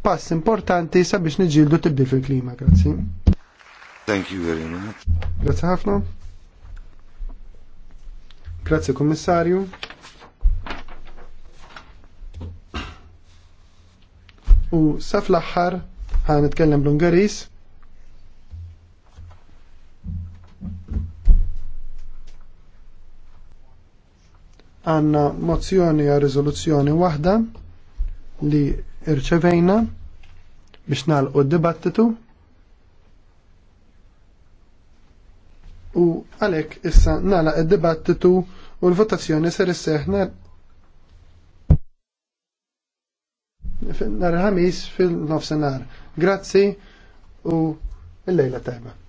pass importanti sabiex niġildu tibdil fil-klima, grazzi. Thank you very much. Grazzi ħafna. Grazzi kommissarju. U saf l-axħar ħan itkellem bl-Ungaris. Għanna mozzjoni għal rizoluzzjoni wahda li irċevejna biex nalqu d-dibattitu u għalek issa nala id-dibattitu u l-votazzjoni ser isseħ nar ħamis fil-nofsenar. Grazzi u l-lejla tajba.